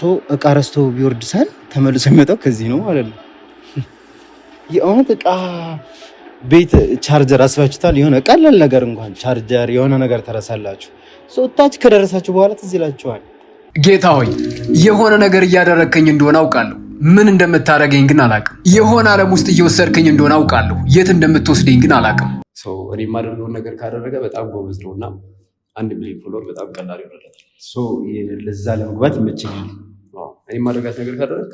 ሰው እቃ ረስቶ ቢወርድ ሳል ተመልሶ የሚመጣው ከዚህ ነው ማለት ነው። የእውነት እቃ ቤት ቻርጀር አስባችሁታል? የሆነ ቀላል ነገር እንኳን ቻርጀር የሆነ ነገር ተረሳላችሁ። ታች ከደረሳችሁ በኋላ ትዝ ይላችኋል። ጌታ ሆይ የሆነ ነገር እያደረግከኝ እንደሆነ አውቃለሁ። ምን እንደምታደርገኝ ግን አላውቅም። የሆነ ዓለም ውስጥ እየወሰድከኝ እንደሆነ አውቃለሁ። የት እንደምትወስደኝ ግን አላውቅም። ሰው እኔ የማደርገውን ነገር ካደረገ በጣም ጎበዝ ነው እና አንድ ሚሊዮን ፎሎወር በጣም ቀላል ይሆናል። ለዛ ለመግባት ይመችኛል። እኔ ማድረጋት ነገር ካደረግ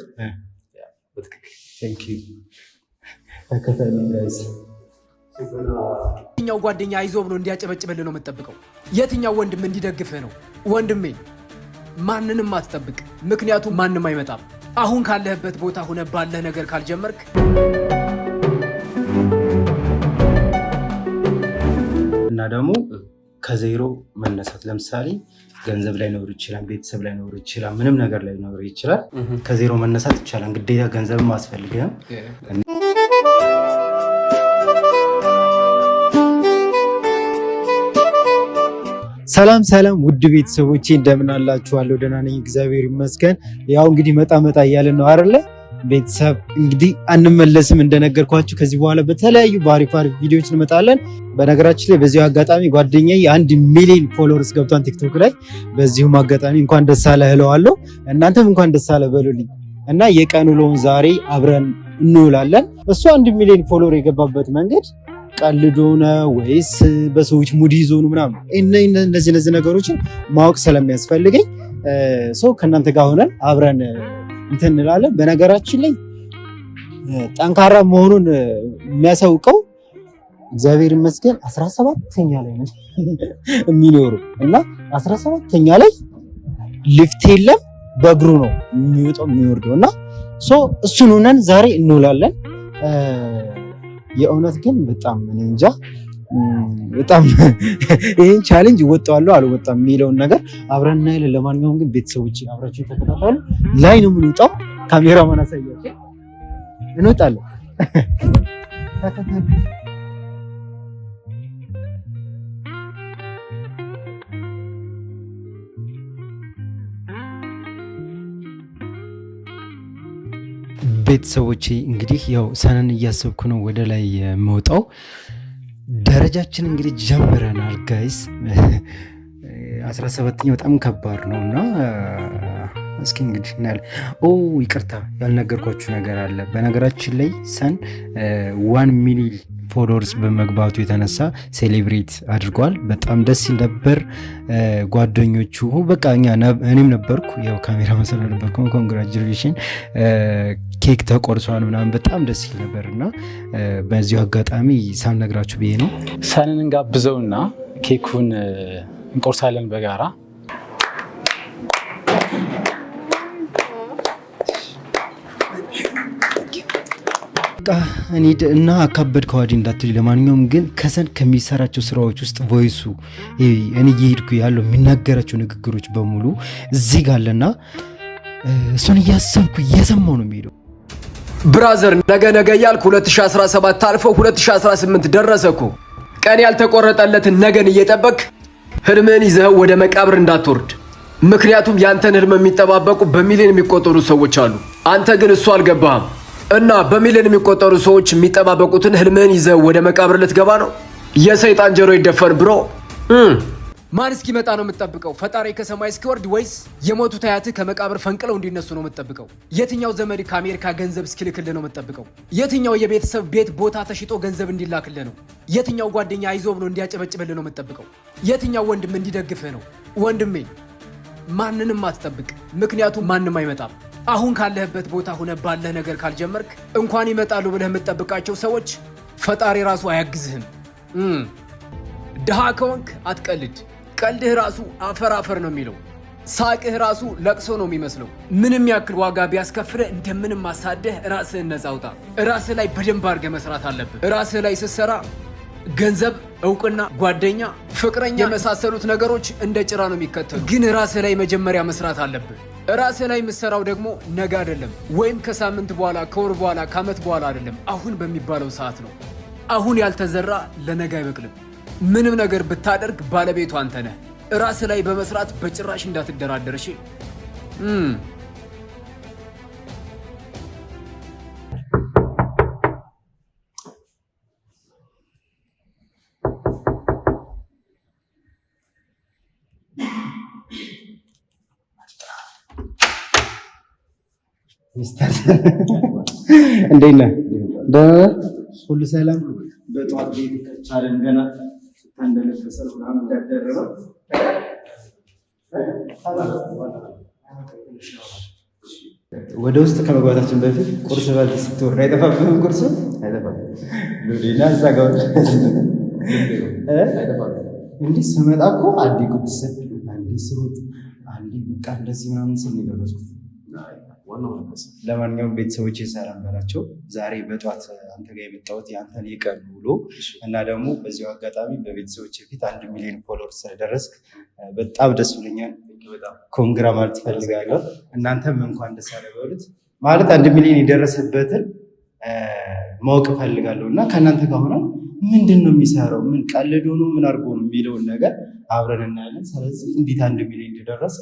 የትኛው ጓደኛ አይዞ ብሎ እንዲያጨበጭበልህ ነው የምትጠብቀው? የትኛው ወንድም እንዲደግፍህ ነው? ወንድሜ ማንንም አትጠብቅ፣ ምክንያቱም ማንም አይመጣም። አሁን ካለህበት ቦታ ሆነ ባለህ ነገር ካልጀመርክ እና ደግሞ ከዜሮ መነሳት ለምሳሌ ገንዘብ ላይ ኖር ይችላል፣ ቤተሰብ ላይ ኖር ይችላል፣ ምንም ነገር ላይ ኖር ይችላል። ከዜሮ መነሳት ይቻላል። ግዴታ ገንዘብም አስፈልግም። ሰላም ሰላም ውድ ቤተሰቦቼ እንደምን አላችኋለሁ? ደህና ነኝ፣ እግዚአብሔር ይመስገን። ያው እንግዲህ መጣ መጣ እያለን ነው አይደለ ቤተሰብ እንግዲህ አንመለስም እንደነገርኳችሁ ከዚህ በኋላ በተለያዩ ባሪፍ ባሪፍ ቪዲዮዎች እንመጣለን። በነገራችን ላይ በዚሁ አጋጣሚ ጓደኛ የአንድ ሚሊዮን ፎሎወርስ ገብቷን ቲክቶክ ላይ በዚሁም አጋጣሚ እንኳን ደስ አለ እለዋለሁ። እናንተም እንኳን ደስ አለ በሉልኝ እና የቀን ውሎውን ዛሬ አብረን እንውላለን። እሱ አንድ ሚሊዮን ፎሎወር የገባበት መንገድ ቀልዶ ነው ወይስ በሰዎች ሙድ ይዞ ነው ምናምን እነዚህ እነዚህ ነገሮችን ማወቅ ስለሚያስፈልገኝ ሰው ከእናንተ ጋር ሆነን አብረን እንትን እንላለን። በነገራችን ላይ ጠንካራ መሆኑን የሚያሳውቀው እግዚአብሔር ይመስገን አስራ ሰባተኛ ላይ ነው የሚኖሩ እና አስራ ሰባተኛ ላይ ሊፍት የለም በእግሩ ነው የሚወጣው የሚወርደው እና እሱን ሆነን ዛሬ እንውላለን። የእውነት ግን በጣም እኔ እንጃ በጣም ይህን ቻሌንጅ እወጣዋለሁ አልወጣም የሚለውን ነገር አብረን እናያለን። ለማንኛውም ግን ቤተሰቦች አብራችሁ ተከታተሉ። ላይ ነው የምንወጣው። ካሜራማን አሳያቸው፣ እንወጣለን። ቤተሰቦቼ እንግዲህ ያው ሰነን እያሰብኩ ነው ወደ ላይ መውጣው ደረጃችን እንግዲህ ጀምረናል ጋይስ። አስራ ሰባተኛ በጣም ከባድ ነው እና እስኪ እንግዲህ እናያለን። ኦ ይቅርታ ያልነገርኳችሁ ነገር አለ። በነገራችን ላይ ሰን ዋን ሚሊ ፎሎወርስ በመግባቱ የተነሳ ሴሌብሬት አድርጓል። በጣም ደስ ሲል ነበር። ጓደኞቹ በቃ እኔም ነበርኩ ያው ካሜራ መሰል ነበርኩ። ኮንግራጁሌሽን ኬክ ተቆርሷል ምናምን በጣም ደስ ይል ነበር እና በዚሁ አጋጣሚ ሳልነግራችሁ ብዬ ነው። ሰንን እንጋብዘውና ኬኩን እንቆርሳለን በጋራ በቃ እና አካበድ ከዋዲ እንዳትል። ለማንኛውም ግን ከሰን ከሚሰራቸው ስራዎች ውስጥ ቮይሱ እኔ እየሄድኩ ያለው የሚናገራቸው ንግግሮች በሙሉ እዚህ ጋለና እሱን እያሰብኩ እየሰማው ነው የሚሄደው። ብራዘር ነገ ነገ እያልክ 2017 አልፎ 2018 ደረሰ ቀን ያልተቆረጠለትን ነገን እየጠበክ ህልምህን ይዘኸው ወደ መቃብር እንዳትወርድ። ምክንያቱም ያንተን ህልም የሚጠባበቁ በሚሊዮን የሚቆጠሩ ሰዎች አሉ። አንተ ግን እሱ አልገባህም እና በሚሊዮን የሚቆጠሩ ሰዎች የሚጠባበቁትን ህልምህን ይዘኸው ወደ መቃብር ልትገባ ነው። የሰይጣን ጀሮ ይደፈን ብሮ ማን እስኪመጣ ነው የምጠብቀው? ፈጣሪ ከሰማይ እስኪወርድ ወይስ የሞቱት አያትህ ከመቃብር ፈንቅለው እንዲነሱ ነው የምጠብቀው የትኛው ዘመድ ከአሜሪካ ገንዘብ እስኪልክልህ ነው የምጠብቀው? የትኛው የቤተሰብ ቤት ቦታ ተሽጦ ገንዘብ እንዲላክልህ ነው? የትኛው ጓደኛ አይዞ ብሎ እንዲያጨበጭበልህ ነው የምጠብቀው የትኛው ወንድም እንዲደግፍህ ነው? ወንድሜ ማንንም አትጠብቅ፣ ምክንያቱም ማንም አይመጣም። አሁን ካለህበት ቦታ ሆነ ባለህ ነገር ካልጀመርክ እንኳን ይመጣሉ ብለህ የምጠብቃቸው ሰዎች ፈጣሪ ራሱ አያግዝህም። ድሃ ከወንክ አትቀልድ። ቀልድህ ራሱ አፈር አፈር ነው የሚለው። ሳቅህ ራሱ ለቅሶ ነው የሚመስለው። ምንም ያክል ዋጋ ቢያስከፍልህ እንደምንም አሳደህ ራስህን ነፃ አውጣ። ራስህ ላይ በደንብ አድርገህ መስራት አለብህ። ራስህ ላይ ስትሰራ ገንዘብ፣ እውቅና፣ ጓደኛ፣ ፍቅረኛ የመሳሰሉት ነገሮች እንደ ጭራ ነው የሚከተሉ። ግን ራስህ ላይ መጀመሪያ መስራት አለብህ። ራስህ ላይ የምትሰራው ደግሞ ነገ አይደለም፣ ወይም ከሳምንት በኋላ ከወር በኋላ ከዓመት በኋላ አይደለም። አሁን በሚባለው ሰዓት ነው። አሁን ያልተዘራ ለነገ አይበቅልም። ምንም ነገር ብታደርግ ባለቤቱ አንተ ነህ። እራስ ላይ በመስራት በጭራሽ እንዳትደራደር እሺ። እንዴት ነህ? ሁሉ ሰላም? በጠዋት ቤት ገና እንደለበሰ ቁርአን ወደ ውስጥ ከመግባታችን በፊት ቁርስ ባል ስትወር አይጠፋብህም። ቁርስ ዱዲና እዛ እንዲህ ስመጣ እኮ አንዴ ቁርስ አንዴ ስሩጥ አንዴ በቃ እንደዚህ ምናምን ስንደረስኩት ነው ማለት ነው። ለማንኛውም ቤተሰቦች ሰላም በላቸው። ዛሬ በጧት አንተ ጋር የመጣሁት የአንተን የቀን ውሎ እና ደግሞ በዚሁ አጋጣሚ በቤተሰቦች ፊት አንድ ሚሊዮን ፎሎወር ስለደረስክ በጣም ደስ ብሎኛል። ኮንግራ ማለት ፈልጋለሁ። እናንተም እንኳን ደስ አለ ማለት አንድ ሚሊዮን የደረሰበትን ማወቅ ፈልጋለሁ እና ከእናንተ ጋር ሆነ ምንድን ነው የሚሰራው? ምን ቀልዶ ነው ምን አድርጎ ነው የሚለውን ነገር አብረን እናያለን። ስለዚህ እንዴት አንድ ሚሊዮን እንደደረሰ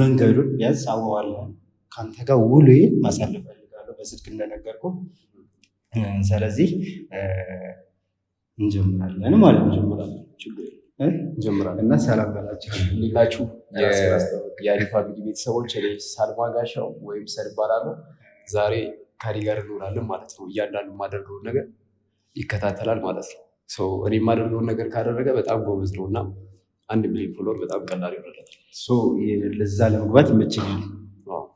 መንገዱን ቢያንስ አወዋለን። ከአንተ ጋር ውሉ ማሳለፍ ፈልጋለሁ በስልክ እንደነገርኩ። ስለዚህ እንጀምራለን ማለት እንጀምራለን እና ሰላም በላቸው ሌላችሁ የአሪፋ ቪዲዮ ቤተሰቦች እኔ ሳልማ ጋሻው ወይም ሰል ሰልባላለሁ ዛሬ ከኔ ጋር እንውላለን ማለት ነው። እያንዳንዱ የማደርገውን ነገር ይከታተላል ማለት ነው። እኔ የማደርገውን ነገር ካደረገ በጣም ጎበዝ ነው እና አንድ ሚሊዮን ፎሎወር በጣም ቀላል ይሆናል። ለዛ ለመግባት መችል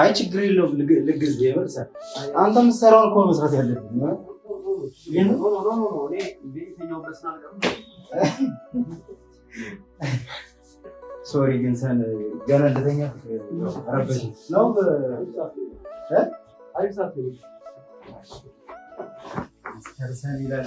አይ ችግር የለውም። ልግዝ ይበል አንተ የምትሰራውን እኮ መስራት ያለብን። ሶሪ ግን ሰን ገና እንደተኛ ረበሽ ነው። አሪፍ ሰዓት ይላል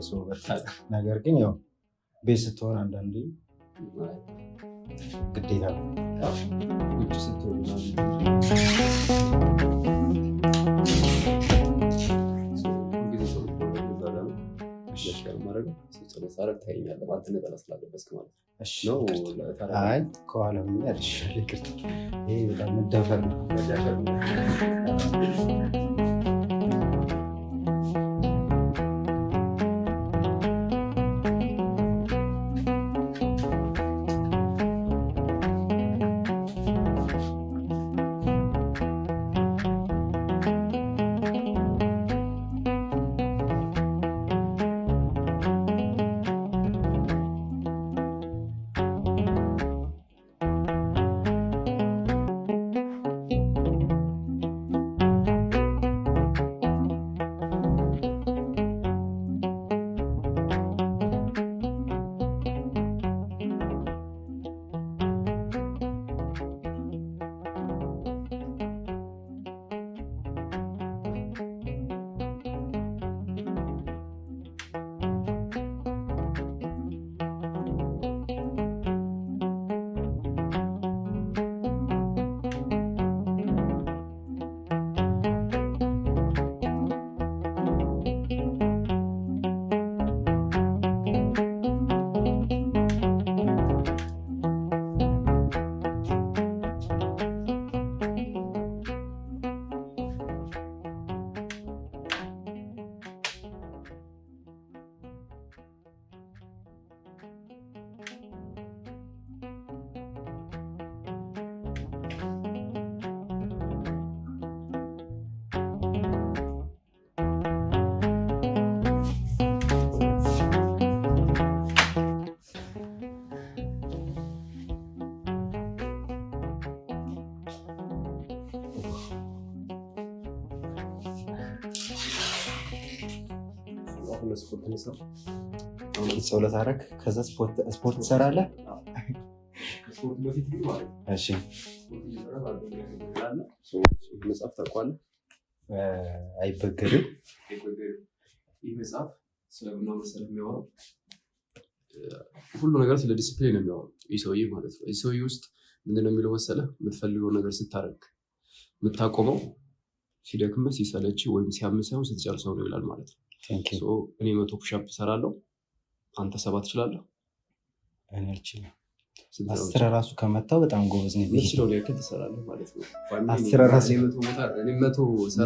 የደረሰው ነገር ግን ያው ቤት ስትሆን አንዳንዴ ግዴታ ውጭ ስትሆን ከኋላ ይሄ በጣም መዳፈር ነው። ሰው ሰው ለታረክ ከዛ ስፖርት ትሰራለህ። ስፖርት መጽሐፍ ታውቀዋለህ? አይበገርም። ይህ መጽሐፍ ስለምና መሰለህ የሚያወራው ሁሉ ነገር ስለ ዲስፕሊን የሚያወራው ይህ ሰውዬ ማለት ነው። ይህ ሰውዬ ውስጥ ምንድነው የሚለው መሰለህ? የምትፈልገው ነገር ስታደርግ የምታቆመው ሲደክመ ሲሰለች ወይም ሲያምሰው ስትጨርሰው ነው ይላል ማለት ነው። እኔ መቶ ፑሻፕ እሰራለሁ፣ አንተ ሰባ ትችላለህ። እኔ አልችልም። አስር ራሱ ከመታው በጣም ጎበዝ ነው።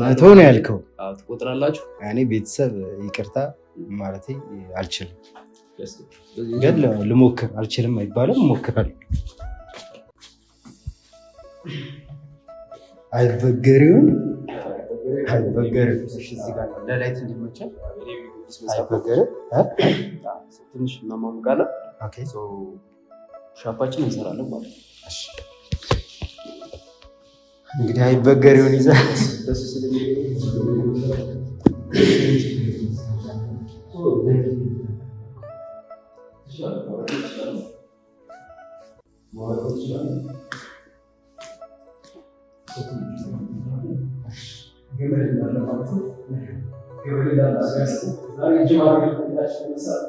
መቶ ነው ያልከው ትቆጥራላችሁ። እኔ ቤተሰብ ይቅርታ ማለት አልችልም፣ ግን ልሞክር። አልችልም አይባልም፣ እሞክራለሁ። አይበገሪውም አይበገር ለላይት እንዲመቸን አይበገር ትንሽ እናማሙቃለን። ሻፓችን እንሰራለን ማለት ነው። እንግዲህ አይበገር ይሆን ይዘህ ገበሬ እንዳለባቸው ገበሬ እንዳላስያስቡ ዛሬ እጅ ማድረግ ሁላችን መሳል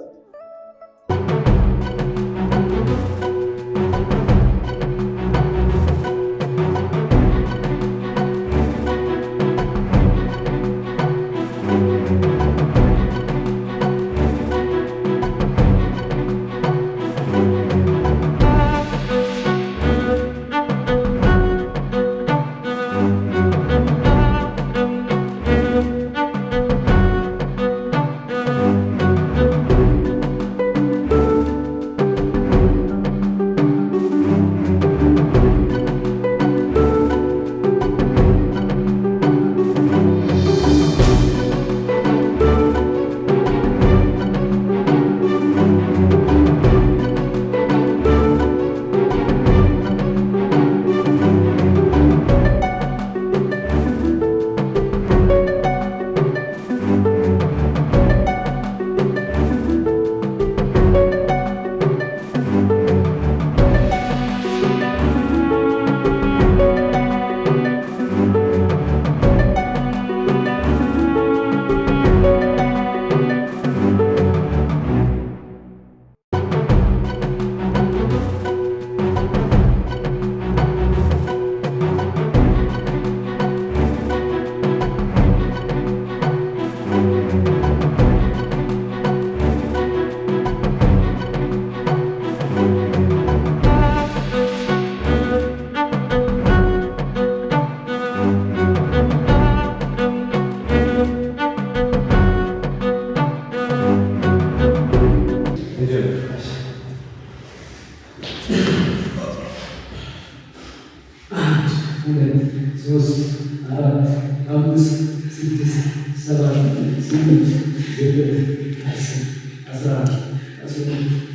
する。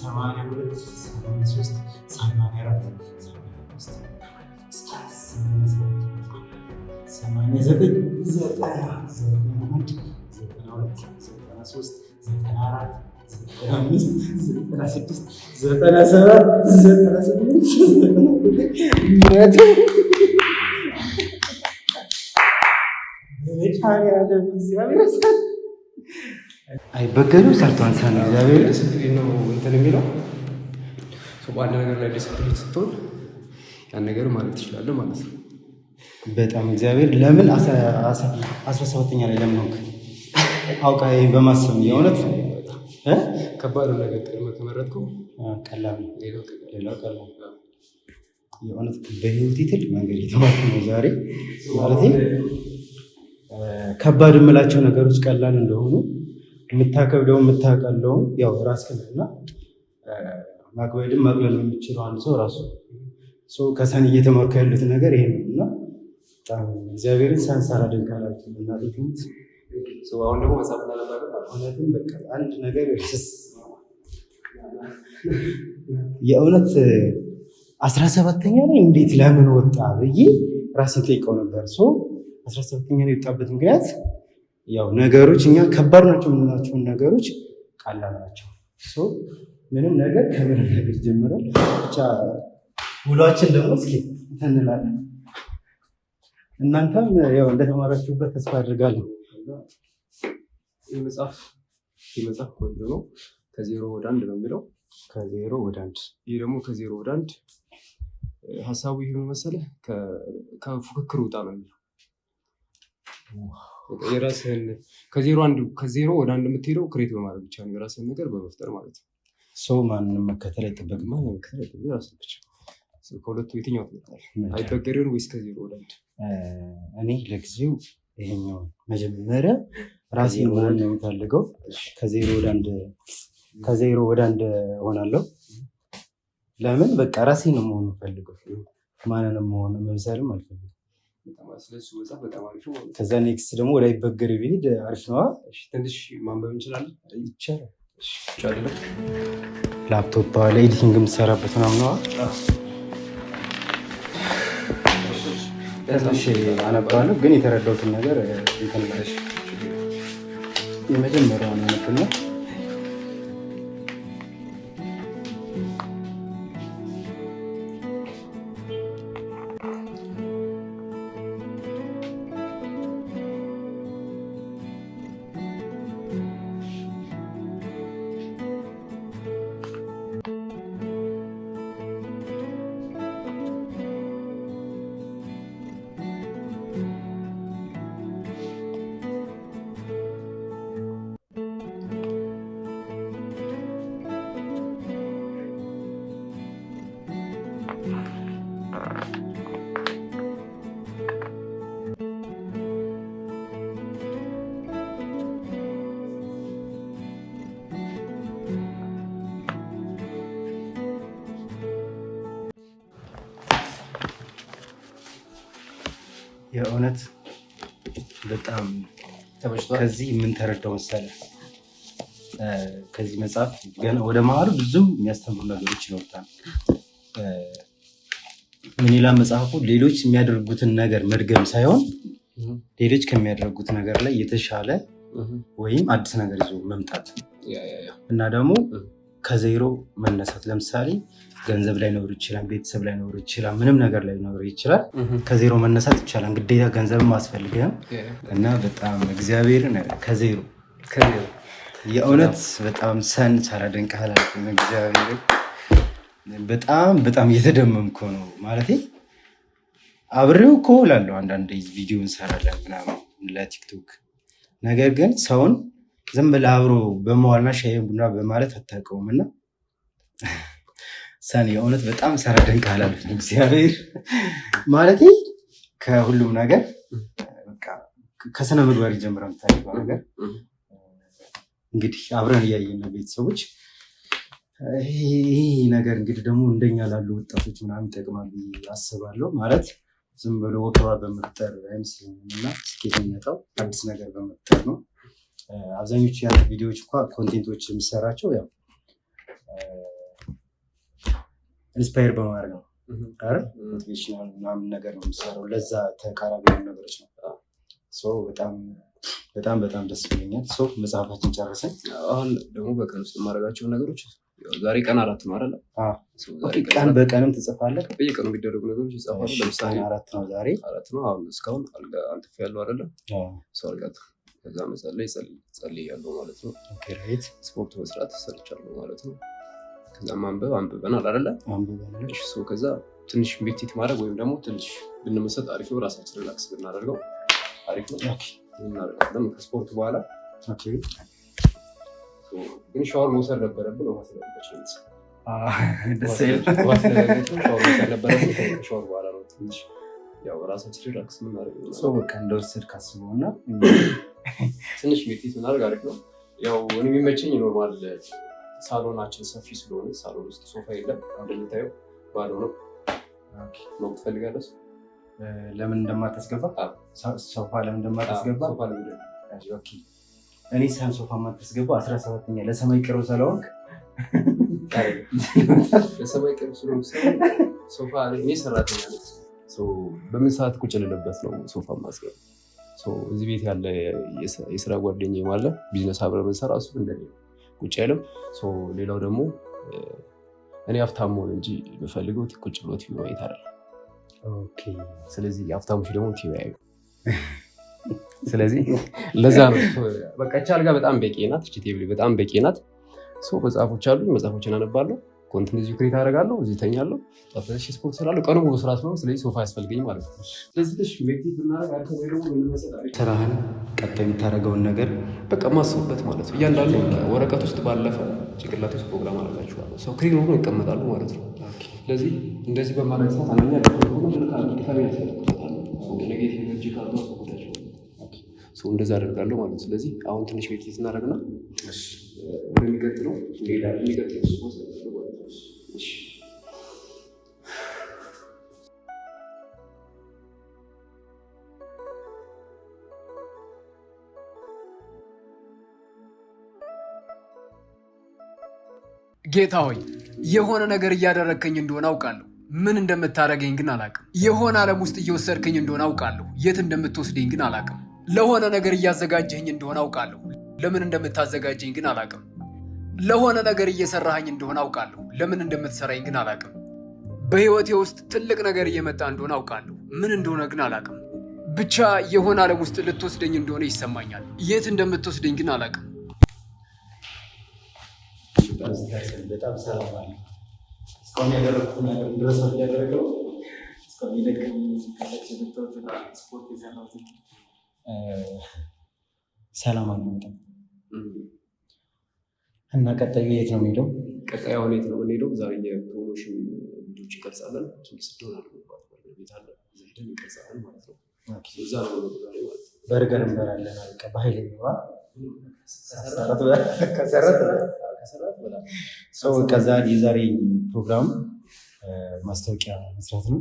ሰማንያ ሁለት ሰማንያ ሶስት ሰማንያ አራት ሰማንያ አምስት ሰማንያ ዘጠኝ ዘጠና ሁለት ዘጠና ሶስት ዘጠና አራት ዘጠና አምስት ዘጠና ስድስት ዘጠና አይበገሪው ሰርቷን ሰን እግዚአብሔር ዲስፕሊን ነው እንትን የሚለው በአንድ ነገር ላይ ዲስፕሊን ስትሆን ያን ነገር ማለት ትችላለህ ማለት ነው። በጣም እግዚአብሔር ለምን አስራ ሰባተኛ ላይ ለምን ሆንክ አውቃ በማሰብ የእውነት ከባድ ነገር ቀድመ ከመረጥኩ ቀላል ሌላው ቀላል የእውነት በህይወት ትል መንገድ የተማርኩ ነው ዛሬ ማለት ከባድ የምላቸው ነገሮች ቀላል እንደሆኑ የምታከብደው የምታቀለው ያው ራስህ እና ማክበድም ማቅለል የሚችለው አንድ ሰው ራሱ ከሰን እየተማርኩ ያሉት ነገር ይሄ ነው እና በጣም እግዚአብሔርን ሳንሳራ ድንካላት እናት አሁን ደግሞ መጽሐፍ ላለማለት እውነትም በቃ አንድ ነገር ስ የእውነት አስራ ሰባተኛ ላይ እንዴት ለምን ወጣ ብዬ ራስን ጠይቀው ነበር። አስራ ሰባተኛ ላይ የወጣበት ምክንያት ያው ነገሮች እኛ ከባድ ናቸው የምንላቸውን ነገሮች ቀላል ናቸው። ምንም ነገር ከምን ነገር ጀምረን ብቻ ውሏችን ደግሞ እስኪ እንላለን። እናንተም ያው እንደተማራችሁበት ተስፋ አድርጋለሁ። የመጽሐፍ የመጽሐፍ ቆንጆ ነው። ከዜሮ ወደ አንድ ነው የሚለው ከዜሮ ወደ አንድ። ይህ ደግሞ ከዜሮ ወደ አንድ ሀሳቡ ይህ መሰለህ፣ ከፉክክር ውጣ ነው የሚለው የራስህን ከዜሮ አንድ ከዜሮ ወደ አንድ የምትሄደው ክሬት በማድረግ ብቻ ነው። የራስህን ነገር በመፍጠር ማለት ነው። ሰው ማንም መከተል አይጠበቅም። ከሁለቱ የትኛው ትመጣለህ? አይበገሬውን ወይስ ከዜሮ ወደ አንድ? እኔ ለጊዜው ይሄኛው መጀመሪያ ራሴ መሆን ነው የምፈልገው። ከዜሮ ወደ አንድ ከዜሮ ወደ አንድ ሆናለሁ። ለምን በቃ ራሴ ነው መሆን የምፈልገው። ማንንም መሆን መምሰልም አልፈልግም። ከዛ ኔክስት ደግሞ ወደ አይበገር ቢሄድ አሪፍ ነዋ። ትንሽ ማንበብ እንችላለን ይቻላል። ላፕቶፕ ላይ ኤዲቲንግ የምትሰራበት ምናምን ነዋ። ትንሽ አነባለሁ ግን የተረዳሁትን ነገር ነው ያነብና በእውነት በጣም ከዚህ የምንተረዳው መሰለ ከዚህ መጽሐፍ ገና ወደ መሀሉ ብዙ የሚያስተምሩ ነገሮች ይኖሩታል። ምንላ መጽሐፉ ሌሎች የሚያደርጉትን ነገር መድገም ሳይሆን ሌሎች ከሚያደርጉት ነገር ላይ የተሻለ ወይም አዲስ ነገር ይዞ መምጣት እና ደግሞ ከዜሮ መነሳት። ለምሳሌ ገንዘብ ላይ ኖር ይችላል፣ ቤተሰብ ላይ ኖር ይችላል፣ ምንም ነገር ላይ ኖር ይችላል። ከዜሮ መነሳት ይቻላል። ግዴታ ገንዘብ አስፈልግም እና በጣም እግዚአብሔር ከዜሮ የእውነት በጣም ሰን ሳላደንቅህ እግዚአብሔር በጣም በጣም እየተደመምኩ ነው ማለት አብሬው እኮ እላለሁ። አንዳንድ ቪዲዮ እንሰራለን ምናምን ለቲክቶክ ነገር ግን ሰውን ዝም ብለህ አብሮ በመዋልና ሻይን ቡና በማለት አታውቀውም። እና ሰኔ የእውነት በጣም ሰራ ደንቅ አላለሁ እግዚአብሔር ማለት ከሁሉም ነገር ከስነ ምግባር ጀምረ የምታደርገው ነገር እንግዲህ አብረን እያየን ቤተሰቦች ይህ ነገር እንግዲህ ደግሞ እንደኛ ላሉ ወጣቶች ምናምን ይጠቅማል አስባለሁ። ማለት ዝም ብሎ ወከባ በመፍጠር አይመስለኝም እና ስኬት የሚመጣው አዲስ ነገር በመፍጠር ነው። አብዛኞቹ ያ ቪዲዮዎች እንኳ ኮንቴንቶች የሚሰራቸው ያው ኢንስፓየር በማድረግ ነው አይደል? ሞቲቬሽናል ምናምን ነገር ነው የሚሰራው። ለዛ ተቃራቢ ነገሮች ነው። በጣም በጣም በጣም ደስ ይለኛል። ሰው መጽሐፋችን ጨርሰን አሁን ደግሞ በቀን ውስጥ የማደርጋቸው ነገሮች ዛሬ ቀን አራት ነው አይደለ? ቀን በቀንም ትጽፋለህ? በየቀኑ የሚደረጉ ነገሮች ይጻፋሉ። ለምሳሌ አራት ነው ዛሬ አራት ነው። አሁን እስካሁን አልጥፍ ያለው አይደለም ሰው አልጋት ከዛ መሳል ላይ ያለው ማለት ነው። ስፖርት መስራት ሰርቻለሁ ማለት ነው። ከዛ ማንበብ አንብበናል አይደለ? ከዛ ትንሽ ቤቲት ማድረግ ወይም ደግሞ ትንሽ ብንመሰጥ አሪፍ ነው። ራሳችን ሪላክስ ብናደርገው አሪፍ ነው። እናደርጋለን ከስፖርት በኋላ ግን ሻወር መውሰድ ነበረብን። ውሃ ስለነበች በኋላ ነው ትንሽ ያው ራሳችን ሪላክስ ምናደርገው ሰው በቃ እንደወሰድ ካስበውና ትንሽ ሜትሪት ምናደርግ አሪፍ ነው። ያው እኔ የሚመቸኝ ኖርማል ሳሎናችን ሰፊ ስለሆነ ሳሎን ውስጥ ሶፋ የለም፣ እንደምታየው ባዶ ነው። ነው ትፈልጋለህ? ለምን እንደማታስገባ ሶፋ ለምን እንደማታስገባ እኔ ሳን ሶፋ የማታስገባው አስራ ሰባተኛ ለሰማይ ቅርብ ስለሆንክ ለሰማይ ቅርብ ስለሆንክ ሶፋ እኔ ሰራተኛ በምን ሰዓት ቁጭ ልለበት ነው ሶፋ ማስገባ እዚህ ቤት ያለ የስራ ጓደኛ ማለ ቢዝነስ አብረ ምንሰራ እሱ እንደ ቁጭ አይልም። ሌላው ደግሞ እኔ ሀብታም መሆን እንጂ የምፈልገው ቁጭ ብሎ ቲቪ ማየት አለ። ስለዚህ ሀብታሞች ደግሞ ቲቪ ያዩ። ስለዚህ ለዛ ነው በቃ ቻልጋ በጣም በቂ ናት፣ ቺ ቴብል በጣም በቂ ናት። መጽሐፎች አሉኝ፣ መጽሐፎችን አነባለሁ። ኮንት እንደዚሁ ክሬት አደርጋለሁ፣ እዚህ እተኛለሁ፣ ጠፍተሽ ስፖርት ስላለሁ ቀኑ ሙሉ ስራ ስለሆነ ስለዚህ ሶፋ ያስፈልገኝ ማለት ነው። ስራህን ቀጣይ የምታደርገውን ነገር በቃ ማስብበት ማለት ነው። እያንዳንዱ ወረቀት ውስጥ ባለፈ ጭንቅላት ውስጥ ፕሮግራም አደርጋችኋለሁ። ሰው ክሪን ሆኖ ይቀመጣሉ ማለት ነው። ስለዚህ እንደዚህ በማድረግ ሰት ሰው እንደዚህ አደርጋለሁ ማለት ነው። ስለዚህ አሁን ትንሽ ቤት እናደርግና ወደሚቀጥለው ነው ጌታ ሆይ የሆነ ነገር እያደረግከኝ እንደሆነ አውቃለሁ። ምን እንደምታደርገኝ ግን አላቅም። የሆነ ዓለም ውስጥ እየወሰድከኝ እንደሆነ አውቃለሁ። የት እንደምትወስደኝ ግን አላቅም። ለሆነ ነገር እያዘጋጀኝ እንደሆነ አውቃለሁ። ለምን እንደምታዘጋጀኝ ግን አላቅም። ለሆነ ነገር እየሰራኸኝ እንደሆነ አውቃለሁ። ለምን እንደምትሰራኝ ግን አላቅም። በሕይወቴ ውስጥ ትልቅ ነገር እየመጣ እንደሆነ አውቃለሁ። ምን እንደሆነ ግን አላቅም። ብቻ የሆነ ዓለም ውስጥ ልትወስደኝ እንደሆነ ይሰማኛል። የት እንደምትወስደኝ ግን አላቅም። በጣም ሰላም አለ። እስካሁን ያደረግኩት ነገር ድረስ እያደረገው እስካሁን የደቀሙ ሙዚቃዎች ስፖርት ሰላም አለ በጣም እና ቀጣዩ የት ነው የምንሄደው? ቀጣዩ አሁን የት ነው የምንሄደው? ዛሬ የፕሮሞሽን ቪዲዮች ይቀርጻለን። ትንሽ ስድሆን አለ ቤት አለ ማለት ነው። እዛ ነው ማለት ነው። በርገር እንበላለን። በሀይል ከሰረት ከዛ የዛሬ ፕሮግራም ማስታወቂያ መስራት ነው።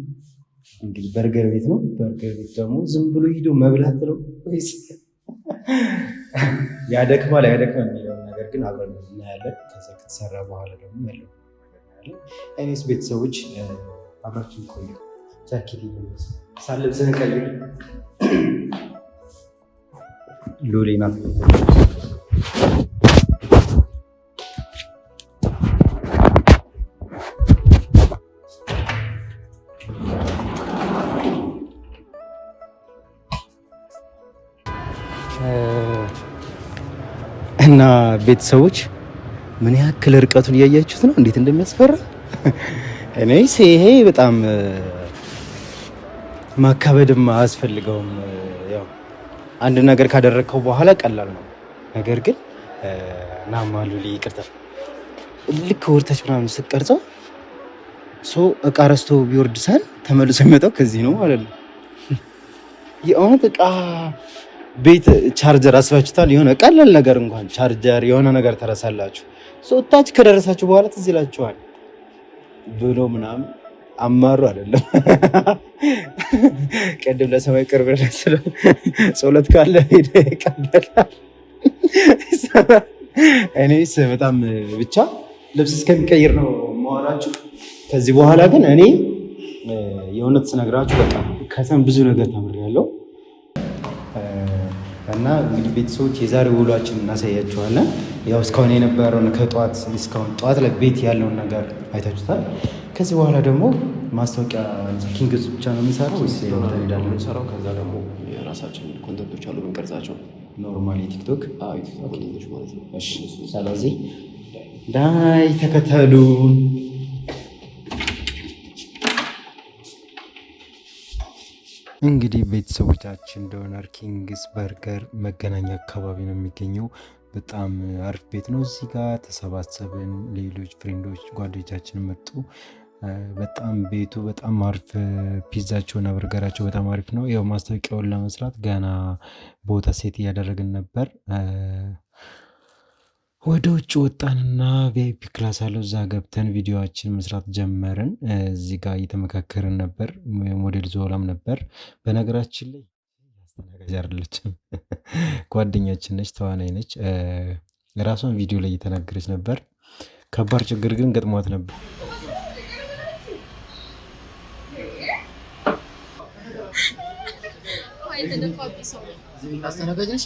እንግዲህ በርገር ቤት ነው። በርገር ቤት ደግሞ ዝም ብሎ ሂዶ መብላት ነው ወይስ ያደክማል አያደክም የሚለውን ነገር ግን አብረን እናያለን። ከዛ ከተሰራ በኋላ ደግሞ ያለው እኔስ ቤተሰቦች አብራችን ቆየ ጃኬት ሳለብስን ቀይር ሉሌ ናት እና ቤተሰቦች ምን ያክል እርቀቱን እያያችሁት ነው፣ እንዴት እንደሚያስፈራ እኔ ይሄ በጣም ማካበድም አያስፈልገውም። ያው አንድ ነገር ካደረግከው በኋላ ቀላል ነው። ነገር ግን ናማሉ ይቅርታ ልክ ወርታች ምናምን ስትቀርጸው ሰው እቃ ረስቶ ቢወርድ ሳል ተመልሶ የሚመጣው ከዚህ ነው ማለት ነው። የእውነት እቃ ቤት ቻርጀር አስባችሁታል? የሆነ ቀላል ነገር እንኳን ቻርጀር የሆነ ነገር ተረሳላችሁ፣ ሶታች ከደረሳችሁ በኋላ ትዝ ይላችኋል ብሎ ምናምን አማሩ አይደለም። ቅድም ለሰማይ ቅርብ ስለ ጸሎት ካለ ሄደህ ይቀበላል። እኔስ በጣም ብቻ ልብስ እስከሚቀይር ነው የማወራችሁ። ከዚህ በኋላ ግን እኔ የእውነት ስነግራችሁ በጣም ከተም ብዙ ነገር ተምሬያለሁ። እና እንግዲህ ቤተሰቦች የዛሬ ውሏችን እናሳያችኋለን። ያው እስካሁን የነበረውን ከጠዋት እስካሁን ጠዋት ላይ ቤት ያለውን ነገር አይታችሁታል። ከዚህ በኋላ ደግሞ ማስታወቂያ ኪንግ ብቻ ነው የምንሰራው ወይስ ሰራው? ከዛ ደግሞ የራሳችን ኮንተንቶች አሉ የምንቀርጻቸው ኖርማል የቲክቶክ ስለዚህ ዳይ ተከተሉን። እንግዲህ ቤተሰቦቻችን ዶነር ኪንግስ በርገር መገናኛ አካባቢ ነው የሚገኘው። በጣም አሪፍ ቤት ነው። እዚህ ጋር ተሰባሰብን፣ ሌሎች ፍሬንዶች ጓደኞቻችን መጡ። በጣም ቤቱ በጣም አሪፍ፣ ፒዛቸውና በርገራቸው በጣም አሪፍ ነው። ያው ማስታወቂያውን ለመስራት ገና ቦታ ሴት እያደረግን ነበር። ወደ ውጭ ወጣንና ቪአይፒ ክላስ አለው እዛ ገብተን ቪዲዮችን መስራት ጀመርን። እዚህ ጋር እየተመካከርን ነበር። ሞዴል ዞላም ነበር። በነገራችን ላይ አስተናጋጅ አይደለችም፣ ጓደኛችን ነች፣ ተዋናይ ነች። ራሷን ቪዲዮ ላይ እየተናገረች ነበር። ከባድ ችግር ግን ገጥሟት ነበር። አስተናጋጅ ነች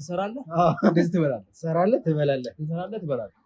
ትሰራለህ፣ እንደዚህ ትበላለህ፣ ትሰራለህ፣ ትበላለህ፣ ትሰራለህ፣ ትበላለህ።